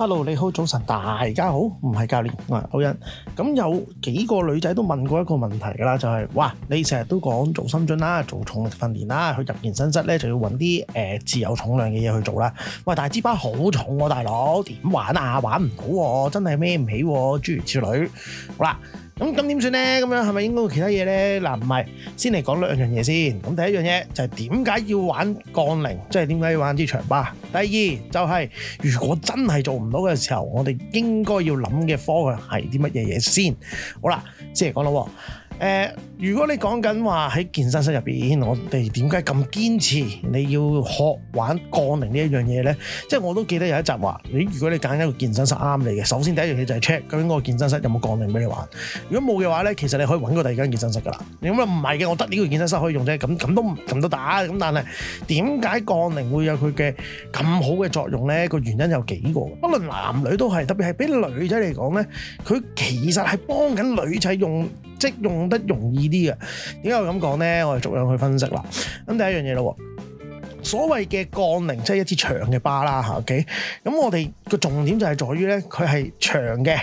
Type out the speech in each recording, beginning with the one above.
Hello，你好，早晨，大家好，唔係教練，我係 Owen。咁有幾個女仔都問過一個問題㗎啦，就係、是：哇，你成日都講做深蹲啦，做重力訓練啦，去入健身室咧就要揾啲、呃、自由重量嘅嘢去做啦。喂，大支巴好重喎、啊，大佬點玩啊？玩唔到喎、啊，真係孭唔起喎、啊，諸如此類。好啦。咁咁點算呢？咁樣係咪應該會其他嘢呢？嗱、啊，唔係，先嚟講兩樣嘢先。咁第一樣嘢就係點解要玩槓鈴，即係點解要玩啲長巴。第二就係、是、如果真係做唔到嘅時候，我哋應該要諗嘅方向係啲乜嘢嘢先？好啦，先嚟講喇喎，呃如果你講緊話喺健身室入邊，我哋點解咁堅持你要學玩槓鈴呢一樣嘢咧？即係我都記得有一集話，你如果你揀一個健身室啱你嘅，首先第一樣嘢就係 check 究竟嗰個健身室有冇槓鈴俾你玩。如果冇嘅話咧，其實你可以揾個第二間健身室噶啦。咁話唔係嘅，我得呢個健身室可以用啫。咁咁都咁都打。咁但係點解槓鈴會有佢嘅咁好嘅作用咧？個原因有幾個，不論男女都係，特別係俾女仔嚟講咧，佢其實係幫緊女仔用，即用得容易。啲嘅，點解我咁講咧？我哋逐樣去分析啦。咁第一樣嘢咯，所謂嘅槓鈴即係一支長嘅巴啦吓。OK，咁我哋個重點就係在於咧，佢係長嘅。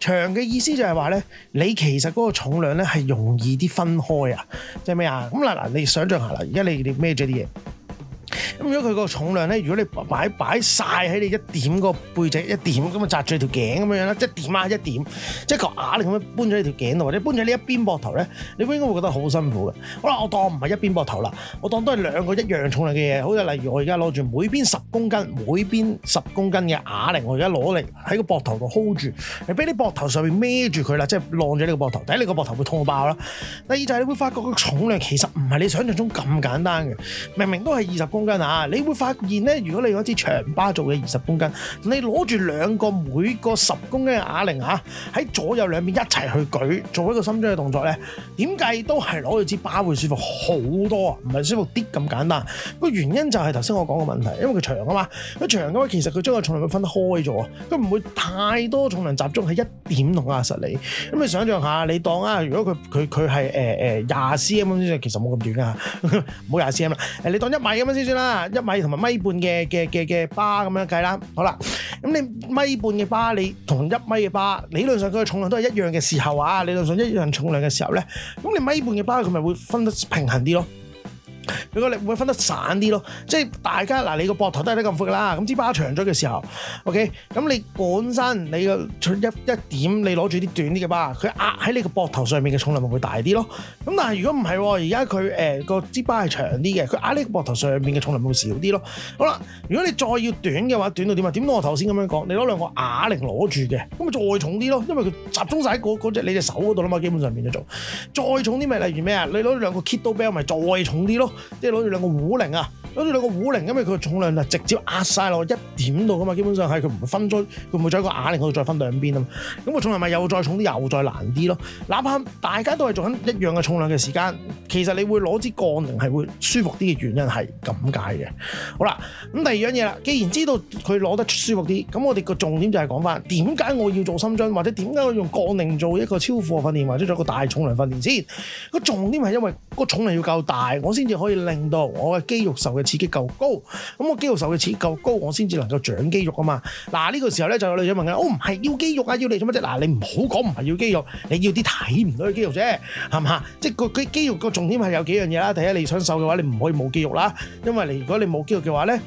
長嘅意思就係話咧，你其實嗰個重量咧係容易啲分開啊。即係咩啊？咁嗱嗱，你想象下啦，而家你你孭住啲嘢。咁如果佢個重量咧，如果你擺擺曬喺你一點個背脊一點咁啊，砸住條頸咁樣啦，即係點啊一點一個啞鈴咁樣搬咗呢條頸度，或者搬咗呢一邊膊頭咧，你應該會覺得好辛苦嘅。好啦，我當唔係一邊膊頭啦，我當都係兩個一樣重量嘅嘢，好似例如我而家攞住每邊十公斤，每邊十公斤嘅啞鈴，我而家攞嚟喺個膊頭度 hold 住，俾你膊頭上面孭住佢啦，即係晾咗你個膊頭。第一，你個膊頭會痛到爆啦；第二，就係你會發覺個重量其實唔係你想像中咁簡單嘅，明明都係二十公斤啊！啊！你會發現咧，如果你用一支長巴做嘅二十公斤，你攞住兩個每個十公斤嘅啞鈴嚇，喺左右兩邊一齊去舉，做一個深蹲嘅動作咧，點解都係攞住支巴會舒服好多啊！唔係舒服啲咁簡單。個原因就係頭先我講嘅問題，因為佢長啊嘛，佢長嘅話其實佢將個重量會分開咗，佢唔會太多重量集中喺一點同壓實你。咁你想象下，你當啊，如果佢佢佢係誒誒廿 CM 先，其實冇咁短噶嚇，唔好廿 CM 啦，誒你當一米咁樣先算啦。一米同埋米半嘅、嘅嘅嘅巴咁樣計啦，好啦，咁你米半嘅巴你同一米嘅巴，理論上佢嘅重量都係一樣嘅時候啊，理論上一樣重量嘅時候咧，咁你米半嘅巴佢咪會分得平衡啲咯。如果你會分得散啲咯，即係大家嗱、啊，你個膊頭都係得咁闊噶啦，咁支巴長咗嘅時候，OK，咁你本身你個一一點，你攞住啲短啲嘅巴，佢壓喺你個膊頭上面嘅重量咪會大啲咯。咁但係如果唔係喎，而家佢誒個支巴係長啲嘅，佢壓喺你個膊頭上面嘅重量會少啲咯。好啦，如果你再要短嘅話，短到點啊？點到我頭先咁樣講，你攞兩個啞鈴攞住嘅，咁咪再重啲咯，因為佢集中晒喺嗰隻你隻手嗰度啦嘛，基本上面就做再重啲咪、就是、例如咩啊？你攞兩個 kettlebell 咪再重啲咯。即係攞住兩個壺鈴啊，攞住兩個壺鈴，因為佢嘅重量就直接壓晒落一點度噶嘛，基本上係佢唔會分錐，佢唔會再喺一個啞鈴度再分兩邊啊嘛。咁個重量咪又再重啲，又再難啲咯。哪怕大家都係做緊一樣嘅重量嘅時間，其實你會攞支槓鈴係會舒服啲嘅原因係咁解嘅。好啦，咁第二樣嘢啦，既然知道佢攞得舒服啲，咁我哋個重點就係講翻，點解我要做深蹲，或者點解我要用槓鈴做一個超負荷訓練，或者做一個大重量訓練先？個重點係因為個重量要夠大，我先至可以。會令到我嘅肌肉受嘅刺激夠高，咁我肌肉受嘅刺激夠高，我先至能夠長肌肉啊嘛。嗱，呢個時候咧就有女仔問嘅，我唔係要肌肉啊，要你做乜啫？嗱，你唔好講唔係要肌肉，你要啲睇唔到嘅肌肉啫，係咪啊？即係個個肌肉個重點係有幾樣嘢啦。第一，你想瘦嘅話，你唔可以冇肌肉啦，因為你如果你冇肌肉嘅話咧。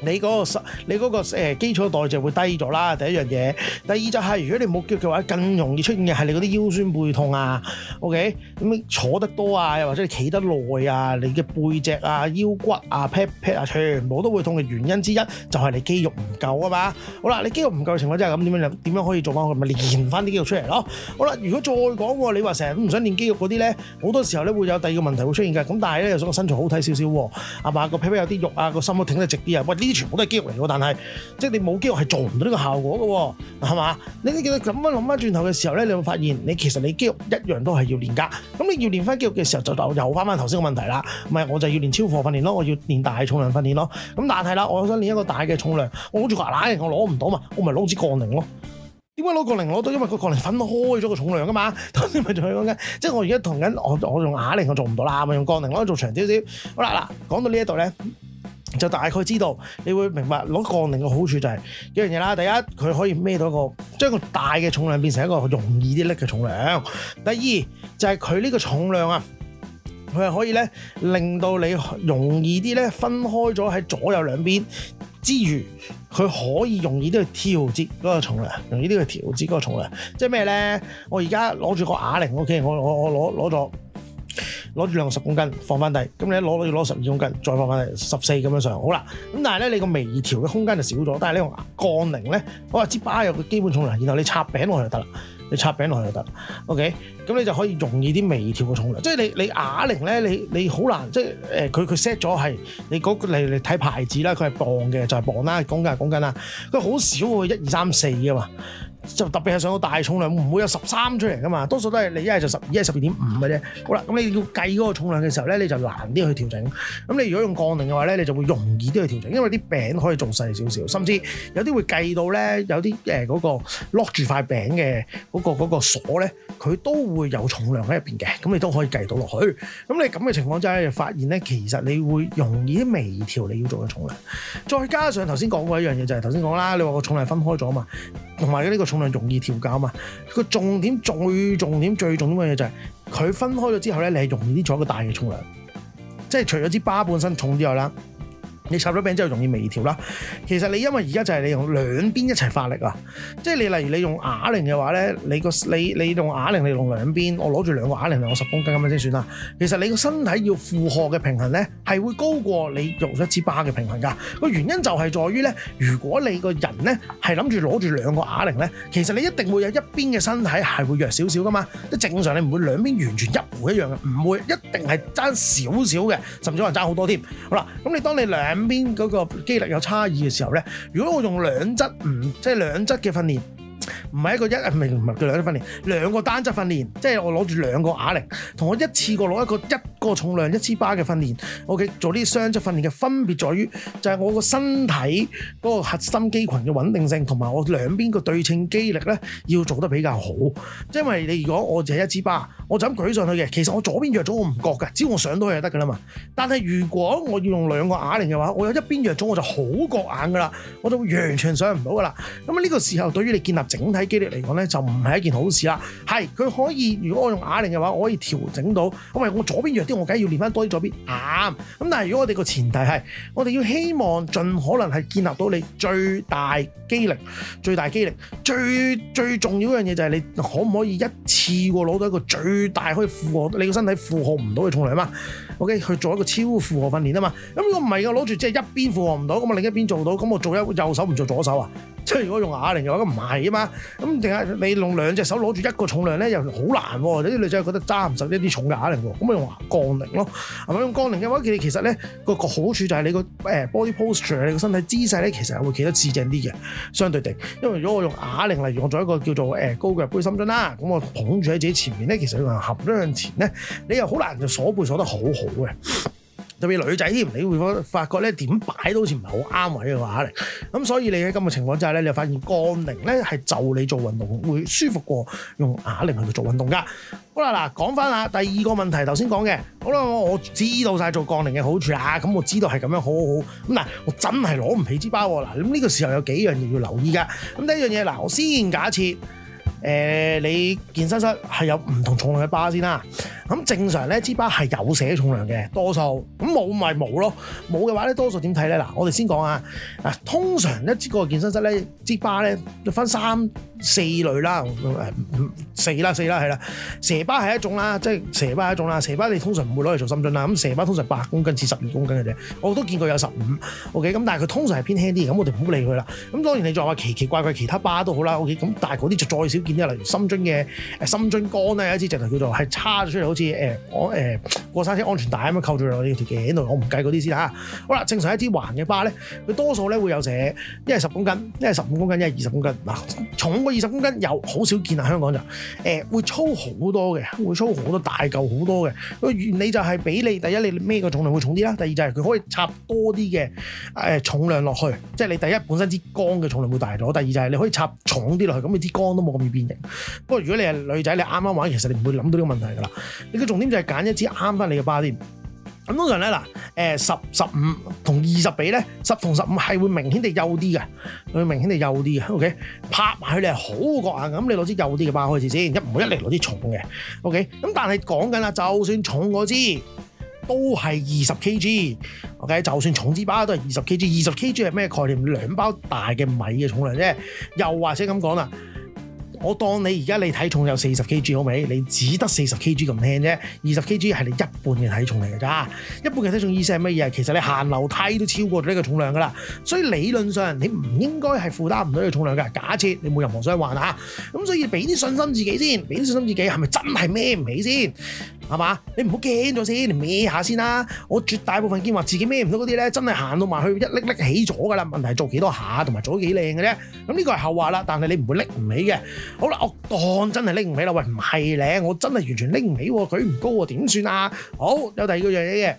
你嗰個、你嗰個、呃、基礎代謝會低咗啦，第一樣嘢。第二就係如果你冇腳嘅話，更容易出現嘅係你嗰啲腰酸背痛啊。OK，咁坐得多啊，又或者你企得耐啊，你嘅背脊啊、腰骨啊、pat pat 啊，全部都會痛嘅原因之一就係你肌肉唔夠啊嘛。好啦，你肌肉唔夠嘅情況之下，咁點樣點樣可以做翻佢咪練翻啲肌肉出嚟咯？好啦，如果再講喎，你話成日都唔想練肌肉嗰啲咧，好多時候咧會有第二個問題會出現㗎。咁但係咧又想個身材好睇少少喎，係嘛，個 pat pat 有啲肉啊，個心都挺得直啲啊，喂呢、啊？全部都係肌肉嚟嘅，但係即係你冇肌肉係做唔到呢個效果嘅，係嘛？你你咁樣諗翻轉頭嘅時候咧，你會發現你其實你肌肉一樣都係要練㗎。咁你要練翻肌肉嘅時候，就又又翻翻頭先個問題啦。咪，我就要練超負荷訓練咯，我要練大重量訓練咯。咁但係啦，我想練一個大嘅重量，我好似個啞鈴，我攞唔到嘛，我咪攞支槓鈴咯。點解攞槓鈴攞到？因為個槓鈴分開咗個重量㗎嘛。頭先咪仲講緊，即係我而家同緊我我用啞鈴，我做唔到啦，咪用槓鈴，我做長少少。好啦嗱，講到呢一度咧。就大概知道，你會明白攞槓鈴嘅好處就係一樣嘢啦。第一，佢可以孭到個將個大嘅重量變成一個容易啲拎嘅重量。第二，就係佢呢個重量啊，佢係可以咧令到你容易啲咧分開咗喺左右兩邊之餘，佢可以容易啲去調節嗰個重量，容易啲去調節嗰個重量。即係咩咧？我而家攞住個啞鈴，OK，我我我攞攞咗。攞住兩個十公斤放翻低，咁你一攞攞要攞十二公斤再放翻嚟十四咁樣上，好啦。咁但係咧你個微調嘅空間就少咗。但係你用槓鈴咧，我話支巴有個基本重量，然後你插餅落去就得啦，你插餅落去就得啦。OK，咁你就可以容易啲微調嘅重量。即係你你啞鈴咧，你你好難即係誒，佢佢 set 咗係你嗰嚟嚟睇牌子啦，佢係磅嘅就係磅啦，講緊係講緊啦，佢好少一二三四啊嘛。就特別係上到大重量，唔會有十三出嚟噶嘛，多數都係你一係就十，二係十二點五嘅啫。好啦，咁你要計嗰個重量嘅時候咧，你就難啲去調整。咁你如果用槓鈴嘅話咧，你就會容易啲去調整，因為啲餅可以仲細少少，甚至有啲會計到咧，有啲誒嗰個 lock 住塊餅嘅嗰個嗰個鎖咧。佢都會有重量喺入邊嘅，咁你都可以計到落去。咁你咁嘅情況之下，就發現咧，其實你會容易微調你要做嘅重量，再加上頭先講過一樣嘢、就係，就係頭先講啦，你話個重量分開咗啊嘛，同埋呢個重量容易調校啊嘛。個重點最重點最重點嘅嘢就係、係、佢分開咗之後咧，你係容易啲做一個大嘅重量，即係除咗支巴本身重之外啦。你插咗柄之後容易微調啦。其實你因為而家就係你用兩邊一齊發力啊，即係你例如你用啞鈴嘅話咧，你個你你用啞鈴你用兩邊，我攞住兩個啞鈴嚟我十公斤咁樣先算啦。其實你個身體要負荷嘅平衡咧係會高過你用一支巴嘅平衡噶。個原因就係在於咧，如果你個人咧係諗住攞住兩個啞鈴咧，其實你一定會有一邊嘅身體係會弱少少噶嘛。即正常你唔會兩邊完全一模一樣嘅，唔會一定係爭少少嘅，甚至可能爭好多添。好啦，咁你當你兩兩邊嗰個肌力有差異嘅時候咧，如果我用兩側唔，即係兩側嘅訓練。唔係一個一，唔係唔係叫兩組訓練，兩個單側訓練，即係我攞住兩個啞鈴，同我一次過攞一個一個重量一枝巴嘅訓練，OK? 我嘅做呢啲雙側訓練嘅分別在於，就係我個身體嗰個核心肌群嘅穩定性，同埋我兩邊個對稱肌力咧，要做得比較好。即係因為你如果我就係一枝巴，我就咁舉上去嘅，其實我左邊弱咗我唔覺噶，只要我上到去就得噶啦嘛。但係如果我要用兩個啞鈴嘅話，我有一邊弱咗我就好覺眼噶啦，我就完全上唔到噶啦。咁呢個時候對於你建立。整體肌力嚟講咧，就唔係一件好事啦。係佢可以，如果我用啞鈴嘅話，我可以調整到。咁咪我左邊弱啲，我梗係要練翻多啲左邊啱。咁但係如果我哋個前提係，我哋要希望盡可能係建立到你最大肌力、最大肌力。最最重要嗰樣嘢就係你可唔可以一次過攞到一個最大可以負荷你個身體負荷唔到嘅重量啊嘛？OK，去做一個超負荷訓練啊嘛。咁如果唔係㗎，攞住即係一邊負荷唔到，咁我另一邊做到，咁我做一右手唔做左手啊？即係如果用啞鈴嘅話，咁唔係啊嘛，咁定係你用兩隻手攞住一個重量咧，又好難喎、啊。有啲女仔覺得揸唔實呢啲重嘅啞鈴喎，咁咪用槓鈴咯。咁咪用槓鈴嘅話，佢其實咧個個好處就係你個 body posture，你個身體姿勢咧，其實係會企得端正啲嘅，相對地。因為如果我用啞鈴，例如用咗一個叫做高腳杯深蹲啦，咁我捧住喺自己前面咧，其實佢係合咗向前咧，你又好難就鎖背鎖得好好嘅。特別是女仔添，你會發發覺咧，點擺都好似唔係好啱位嘅話嚟，咁所以你喺咁嘅情況之下咧，你又發現槓鈴咧係就你做運動會舒服過用啞鈴去做運動㗎。好啦，嗱，講翻下第二個問題，頭先講嘅，好啦，我知道晒做槓鈴嘅好處啦，咁我知道係咁樣好好好，咁嗱，我真係攞唔起支包喎，嗱，咁呢個時候有幾樣嘢要留意㗎，咁第一樣嘢嗱，我先假設。誒、呃，你健身室係有唔同重量嘅巴先啦。咁正常咧，支巴係有寫重量嘅，多數。咁冇咪冇咯，冇嘅話咧，多數點睇咧？嗱，我哋先講啊。通常一支、這個健身室咧，支巴咧就分三。四類啦，嗯、四啦四啦係啦，蛇巴係一種啦，即係蛇巴係一種啦，蛇巴你通常唔會攞嚟做深樽啦，咁蛇巴通常八公斤至十二公斤嘅啫，我都見過有十五，OK，咁但係佢通常係偏輕啲，咁我哋唔好理佢啦。咁當然你再話奇奇怪怪其他巴都好啦，OK，咁但係嗰啲就再少見啲，例如深樽嘅深樽杆咧有一支直頭叫做係叉咗出嚟，好似誒我誒過山車安全帶咁樣扣住落呢條頸度，我唔計嗰啲先吓。好啦，正常一支環嘅巴咧，佢多數咧會有蛇，一係十公斤，一係十五公斤，一係二十公斤嗱、啊、重。不過二十公斤又好少見啊！香港就誒會粗好多嘅，會粗好多，大嚿好多嘅。個原理就係俾你第一你孭個重量會重啲啦，第二就係佢可以插多啲嘅誒重量落去，即係你第一本身支桿嘅重量會大咗，第二就係你可以插重啲落去，咁你支桿都冇咁易變形。不過如果你係女仔，你啱啱玩，其實你唔會諗到呢個問題㗎啦。你嘅重點就係揀一支啱翻你嘅巴添。咁通常咧嗱。誒十十五同二十比咧，十同十五係會明顯地幼啲嘅，會明顯地幼啲嘅。OK，拍埋佢哋係好個硬咁，你攞支幼啲嘅包開始先，一唔好一嚟攞啲重嘅。OK，咁但係講緊啦，就算重嗰支都係二十 KG，OK，、OK? 就算重支包都係二十 KG，二十 KG 係咩概念？兩包大嘅米嘅重量啫，又或者咁講啦。我當你而家你體重有四十 kg 好未？你只得四十 kg 咁輕啫，二十 kg 係你一半嘅體重嚟嘅咋？一半嘅體重意思係乜嘢？其實你行樓梯都超過咗呢個重量噶啦，所以理論上你唔應該係負擔唔到呢個重量嘅。假設你冇任何傷患啊，咁所以俾啲信心自己先，俾啲信心自己係咪真係孭唔起先？係嘛？你唔好驚咗先，你孭下先啦。我絕大部分見話自己孭唔到嗰啲咧，真係行到埋去一拎拎起咗噶啦。問題係做幾多下同埋做幾靚嘅啫。咁呢個係後話啦，但係你唔會拎唔起嘅。好啦，我當真係拎唔起啦，喂，唔係咧，我真係完全拎唔起喎，舉唔高喎，啊，點算啊？好，有第二個樣嘢嘅。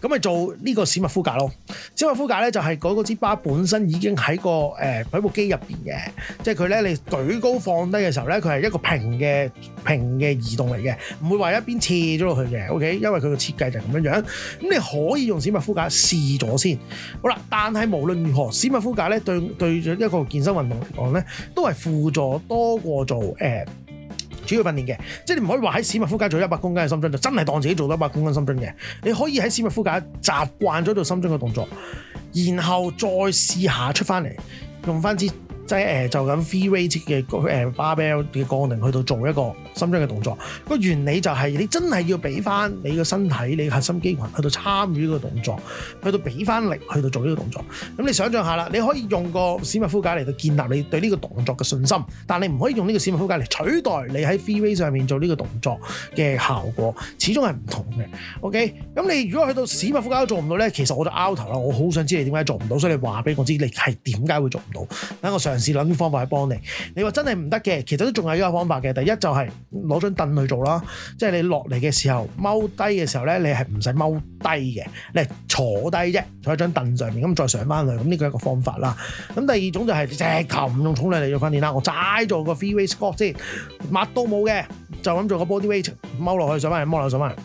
咁咪做呢個史密夫架咯，史密夫架咧就係嗰個支巴本身已經喺個誒喺部機入面嘅，即係佢咧你舉高放低嘅時候咧，佢係一個平嘅平嘅移動嚟嘅，唔會話一邊斜咗落去嘅，OK，因為佢嘅設計就係咁樣樣。咁你可以用史密夫架試咗先，好啦，但係無論如何，史密夫架咧對對一個健身運動嚟講咧，都係輔助多過做誒。呃主要訓練嘅，即係你唔可以話喺史密夫架做一百公斤嘅深蹲，就真係當自己做咗一百公斤深蹲嘅。你可以喺史密夫架習慣咗做深蹲嘅動作，然後再試下出翻嚟用翻支。即係誒、呃，就緊 free weight、呃、嘅誒 barbell 嘅槓鈴去到做一個深蹲嘅動作。個原理就係你真係要俾翻你個身體，你核心肌群去到參與呢個動作，去到俾翻力去到做呢個動作。咁你想象下啦，你可以用個史密夫架嚟到建立你對呢個動作嘅信心，但你唔可以用呢個史密夫架嚟取代你喺 free weight 上面做呢個動作嘅效果，始終係唔同嘅。OK，咁你如果去到史密夫架都做唔到咧，其實我就 out 頭啦。我好想知你點解做唔到，所以你話俾我知你係點解會做唔到。等我上。試諗啲方法去幫你。你話真係唔得嘅，其實都仲有呢個方法嘅。第一就係攞張凳去做啦，即係你落嚟嘅時候踎低嘅時候咧，你係唔使踎低嘅，你係坐低啫，坐喺張凳上面，咁再上翻去。咁呢個係一個方法啦。咁第二種就係、是、直頭唔用重量嚟做訓練啦。我齋做個 free weight squat 先，乜都冇嘅，就咁做個 body weight 踎落去上翻去，踎落去，上翻。上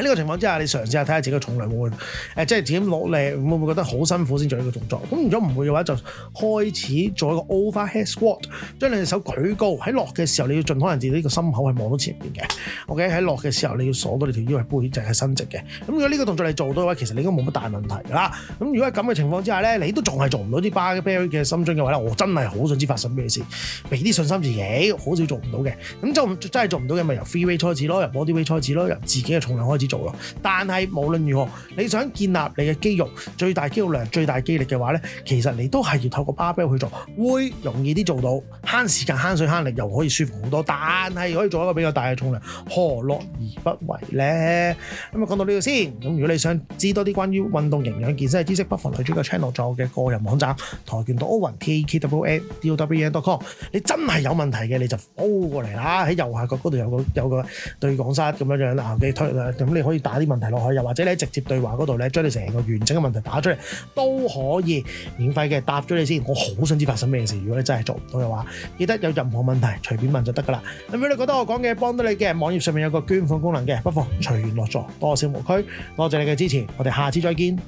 喺呢個情況之下，你嘗試下睇下自己嘅重量會，會，誒、呃，即係自己落力會唔會覺得好辛苦先做呢個動作？咁如果唔會嘅話，就開始做一個 overhead squat，將兩隻手舉高。喺落嘅時候，你要盡可能自己個心口係望到前面嘅。OK，喺落嘅時候，你要鎖到你條腰嘅背脊係、就是、伸直嘅。咁如果呢個動作你做到嘅話，其實你應該冇乜大問題啦。咁如果喺咁嘅情況之下咧，你都仲係做唔到啲 barbell 嘅深蹲嘅話咧，我真係好想知發生咩事。俾啲信心自己，好、哎、少做唔到嘅。咁就真係做唔到嘅，咪由 free weight 開始咯，由 body weight 開始咯，由自己嘅重量開始。做咯，但係無論如何，你想建立你嘅肌肉最大肌肉量、最大肌力嘅話咧，其實你都係要透過 barbell 去做，會容易啲做到，慳時間、慳水、慳力又可以舒服好多，但係可以做一個比較大嘅重量，何樂而不為咧？咁啊，講到呢度先。咁如果你想知道多啲關於運動營養、健身嘅知識，不妨去轉個 channel 在我嘅個人網站跆拳道歐雲 t k w N, t a D O W N dot com。你真係有問題嘅，你就煲過嚟啦，喺右下角嗰度有個有個對講室，咁樣樣啦，機推啦，咁可以打啲問題落去，又或者你喺直接對話嗰度咧，將你成個完整嘅問題打出嚟，都可以免費嘅答咗你先。我好想知發生咩事，如果你真係做唔到嘅話，記得有任何問題隨便問就得㗎喇。咁如果你覺得我講嘅幫到你嘅，網頁上面有個捐款功能嘅，不妨隨緣樂助。多謝無區，多謝你嘅支持，我哋下次再見。